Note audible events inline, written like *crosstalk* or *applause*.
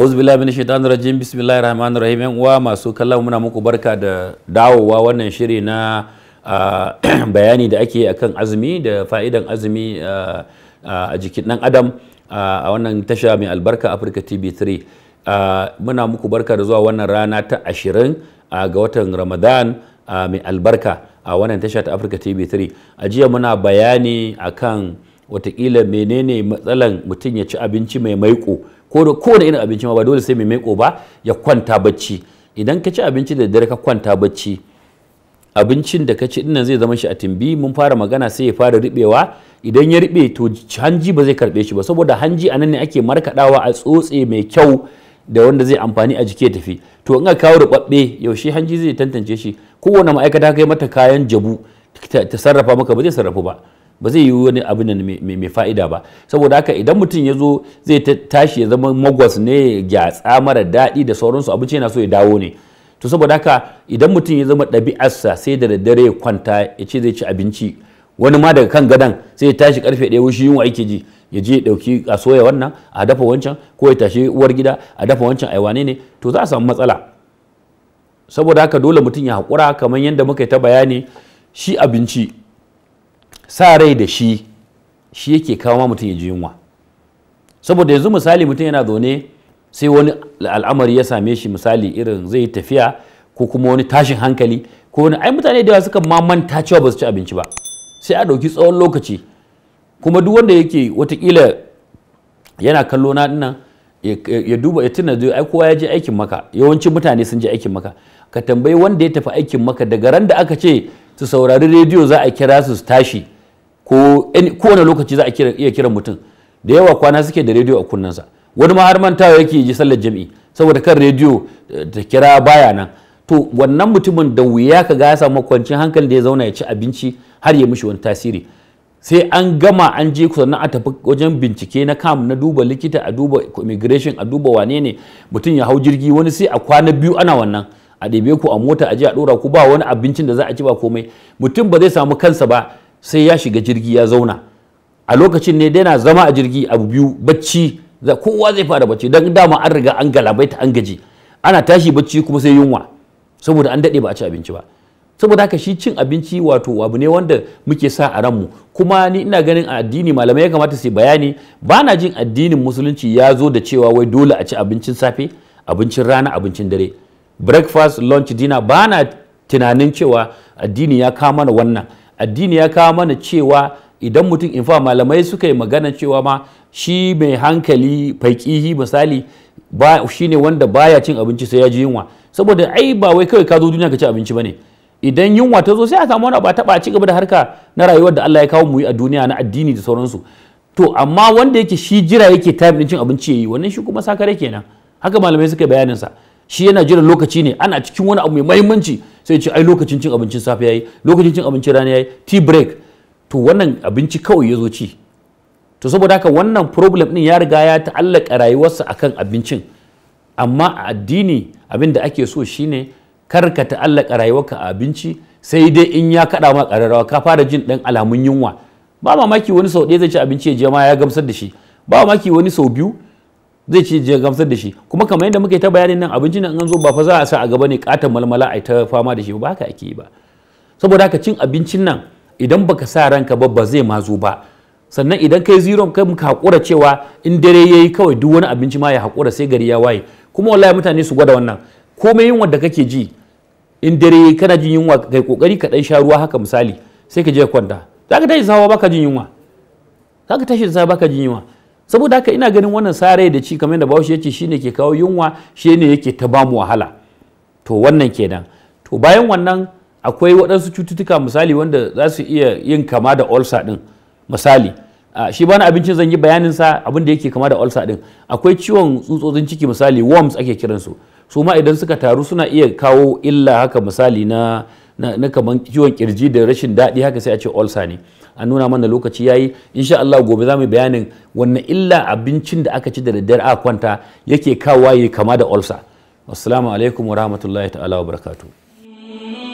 auzu billahi min shaitan rajim bismillahir rahmanir rahim yan uwa masu kallon muna muku barka da dawowa wannan shiri na ah, *clears throat* bayani da ake a kan azumi da fa'idan azumi ah, ah, a jikin dan adam a wannan tasha mai albarka Africa TV3 muna muku barka da zuwa wannan rana ta ashirin ga watan Ramadan mai albarka a wannan tasha ta Africa TV3 a jiya muna bayani akan watakila menene matsalan mutum ya ci abinci mai maiko ko da ko da irin abinci ma ba dole sai mai meko ba ya kwanta bacci idan ka ci abinci da dare ka kwanta bacci abincin da ka ci dinnan zai zama shi a timbi mun fara magana sai ya fara ribewa idan ya ribe to hanji ba zai karbe shi ba saboda hanji anan ne ake markadawa a tsotse mai kyau da wanda zai amfani a jike tafi to in ka kawo rubabbe yaushe hanji zai tantance shi kowane ma'aikata kai mata kayan jabu ta sarrafa maka ba zai sarrafu ba ba zai yi wani abin nan mai fa'ida ba saboda haka idan mutum ya zo zai tashi ya zama magwas ne gyatsa mara daɗi da sauransu abinci yana so ya dawo ne to saboda haka idan mutum ya zama ɗabi'arsa sai da daddare ya kwanta ya ce zai ci abinci wani ma daga kan gadan sai ya tashi karfe ɗaya wushi yin aiki ji ya je ɗauki a soya wannan a dafa wancan ko ya tashi uwar gida a dafa wancan a wane ne to za a samu matsala saboda haka dole mutum ya haƙura kamar yadda muka yi ta bayani shi abinci sa rai da shi shi yake kawo ma mutum ya ji yunwa saboda yanzu misali mutum yana zaune sai wani al'amari ya same shi misali irin zai tafiya ko kuma wani tashin hankali ko wani ai mutane da yawa suka ma manta cewa ba su ci abinci ba sai a ɗauki tsawon lokaci kuma duk wanda yake watakila yana kallo na nan ya duba ya tuna ai kowa ya je aikin maka yawancin mutane sun je aikin maka ka tambayi wanda ya tafi aikin maka daga ran da aka ce su saurari rediyo za a kira su su tashi ko kowane lokaci za a iya kiran mutum da yawa kwana suke da rediyo a kunnensa wani ma har mantawa yake ji sallar jami'i saboda kan rediyo eh, ta kira baya nan to wannan mutumin da wuya ka ga ya samu kwancin hankali da ya zauna ya ci abinci har ya mishi wani tasiri sai an gama an je sannan a tafi wajen bincike na kam na duba likita a duba immigration a duba wane ne mutum ya hau jirgi wani sai a kwana biyu ana wannan a ɗebe ku a mota a je a ɗora ku ba wani abincin da za a ci ba komai mutum ba zai samu kansa ba sai ya shiga jirgi ya zauna a lokacin ne dai na zama a jirgi abu biyu bacci kowa zai fara bacci don dama an riga an galabaita an gaji ana tashi bacci kuma sai yunwa saboda an daɗe ba a ci abinci ba saboda haka shi cin abinci wato abu ne wanda muke sa a ranmu kuma ni ina ganin a addini malamai ya kamata su bayani ba na jin addinin musulunci ya zo da cewa wai dole a ci abincin safe abincin rana abincin dare breakfast lunch dinner ba na tunanin cewa addini ya kama mana wannan addini ya kawo mana cewa idan mutum in fa malamai suka yi magana cewa ma shi mai hankali faƙihi misali ba ne wanda baya cin abinci sai ya ji yunwa saboda ai ba wai kawai ka zo duniya ka ci abinci bane idan yunwa ta zo sai a samu wani ba taba ci gaba da harka na rayuwar da Allah ya kawo mu yi a duniya na addini da sauransu to amma wanda yake shi jira yake time din cin abinci yayi wannan shi kuma sakare kenan haka malamai suka bayanin sa shi yana jiran lokaci ne ana cikin wani abu mai mahimmanci. sai ce ai lokacin cin abincin safe yayi lokacin cin abincin rana yayi tea break to wannan abinci kawai ya zo ci to saboda haka wannan problem din ya riga ya ta'allaka rayuwarsa akan abincin amma a addini abin da ake so shine kar ka ta'allaka rayuwarka a abinci sai dai in ya kaɗa ma ƙararrawa ka fara jin dan alamun yunwa ba mamaki wani sau ɗaya zai ci abinci ya je ma ya gamsar da shi ba mamaki wani sau biyu zai ci je gamsar da shi kuma kamar yadda muke ta bayanin nan abincin nan an zo ba fa za a sa a gaba ne katon malmala a ta fama da shi ba haka ake yi ba saboda haka cin abincin nan idan baka sa ranka ba ba zai ma ba sannan idan kai zero kai ka hakura cewa in dare yayi kawai duk wani abinci ma ya hakura sai gari ya waye kuma wallahi mutane su gwada wannan komai yunwa da kake ji in dare yayi kana jin yunwa kai kokari ka dan sha ruwa haka misali sai ka je kwanta zaka tashi sawa baka jin yunwa zaka tashi da sawa baka jin yunwa saboda haka ina ganin wannan sare da ci kamar da bahaushe yace shine ke kawo yunwa shine yake ta bamu wahala to wannan kenan to bayan wannan akwai waɗansu cututtuka misali wanda za su iya yin kama da olsa din misali shi bana abincin zan yi bayanin sa abin da yake kama da olsa din akwai ciwon tsutsotsin ciki misali worms ake kiransu su ma idan suka taru suna iya kawo illa haka misali na na, kaman ciwon kirji da rashin daɗi haka sai a ce olsa ne an nuna mana lokaci yayi insha Allah gobe za mu bayanin wannan illa abincin da aka ci da daddare a kwanta yake kawo kama da ulcer assalamu alaikum wa rahmatullahi ta'ala wa barakatuh